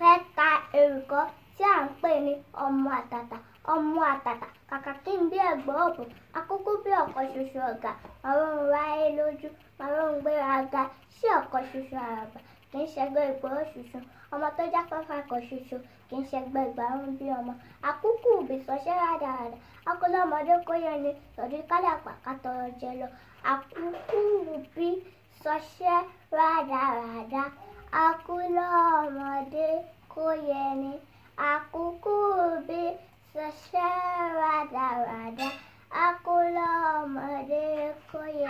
fẹ́ ta èrùkọ́ tí à ń pè ní ọmọ àtàtà ọmọ àtàtà kàkà kí n bí ẹ̀gbọ́n ọ̀bùn akókó bí ọ̀kan ṣoṣo ọ̀gá ọ̀run ráyé lójú ọ̀run gbéra ga sí ọ̀kan ṣoṣo àràbà kì í ṣẹgbẹ́ ìgbọ́rọ̀ ṣoṣo ọmọ tó jáfáfá kan ṣoṣo kì í ṣẹgbẹ́ ìgbàrún bí ọmọ àkúkú ìbìsọ̀ṣẹ́ rádaràdà akólọ́mọdé kóyọ ni lọ́dún kálẹ̀ pàkátọ̀rọ̀ jẹ lọ àkúkú ìbìsọ̀ṣẹ́ rádaràdà akólọ́mọdé yẹni àkókò òbí ṣẹṣẹ rádaràda akólọ ọmọdé kó yẹ.